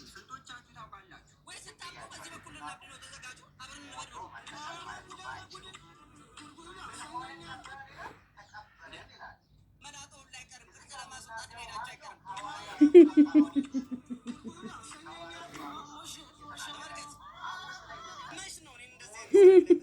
ስንቶቻችሁ ታውቃላችሁ? ወይ ስታውቁ በዚህ በኩል ልናብድ ተዘጋጁ፣ አብረን እንበድ ነው። መላጦውን ላይቀርም እርቅ ለማስወጣት መሄዳችሁ አይቀርም። መች ነው እኔ እንደዚህ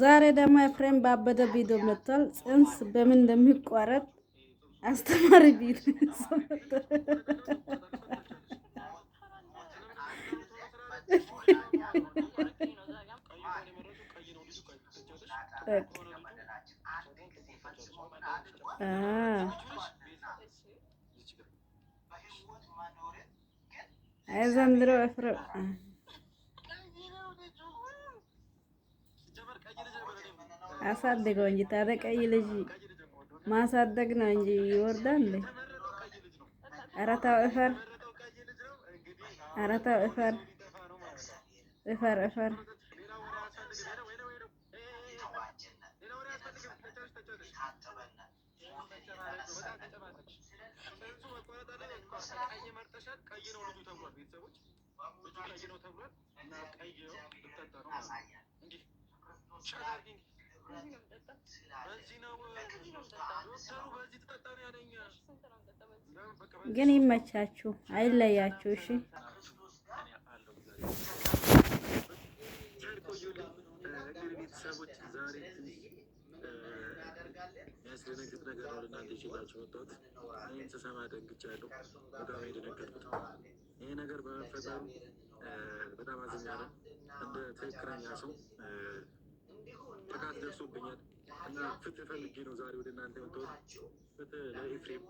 ዛሬ ደግሞ ኤፍሬም ባበደ ቪዲዮ መጥቷል። ጽንስ በምን እንደሚቋረጥ አስተማሪ ቪዲዮ ዘንድሮ ፍርም አሳድገው እንጂ ታዲያ ቀይ ልጅ ማሳደግ ነው እንጂ ይወርዳል። ኧረ ተው እፈር፣ ኧረ ተው እፈር፣ እፈር እፈር መጨረሻ ቀይ ነው ልጁ ተብሏል። ቤተሰቦች ልጁ ቀይ ነው ተብሏል እና ቀይ ነው ነው ግን ይመቻችሁ፣ አይለያችሁ። እሺ ቤተሰቦች ዛሬ ነገር ነው እናንተ ይዤላችሁ መጣሁት። ይህን ስሰማ ደንግጫለሁ፣ በጣም የደነገጥኩት ይሄ ነገር በመፈጠሩ በጣም አዝኛለሁ። እንደ ትክክለኛ ሰው ጥቃት ደርሶብኛል እና ፍትህ ፈልጌ ነው ዛሬ ወደ እናንተ የመጣሁት። ፍትህ ለኤፍሬም፣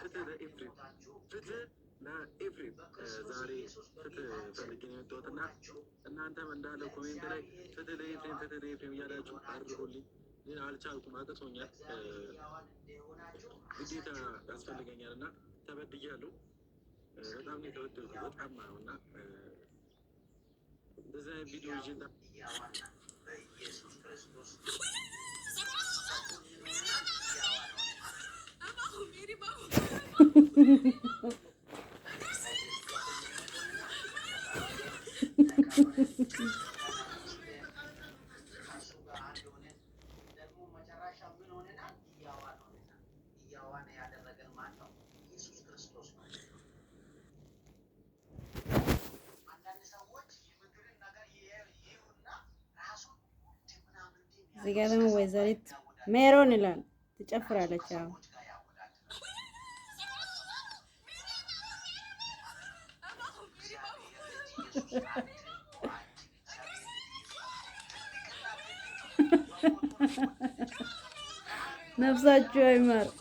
ፍትህ ለኤፍሬም፣ ፍትህ ለኤፍሬም ዛሬ ፍትህ ፈልጌ ነው የመጣሁት እና እናንተም እንዳለ ኮሜንት ላይ ፍትህ ለኤፍሬም፣ ፍትህ ለኤፍሬም እያላችሁ አድርጎልኝ ግን አልቻልኩም፣ አቅቶኛል፣ ግዴታ ያስፈልገኛል እና ተበድያለሁ። በጣም ነው በጣም ነው እና እንደዚህ አይነት ቪዲዮ ይዤ በኢየሱስ ክርስቶስ እዚህ ጋር ደግሞ ወይዘሪት ሜሮን ይላል ትጨፍራለች። አዎ ነፍሳችሁ አይማር።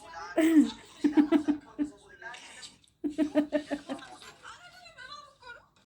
¡Gracias!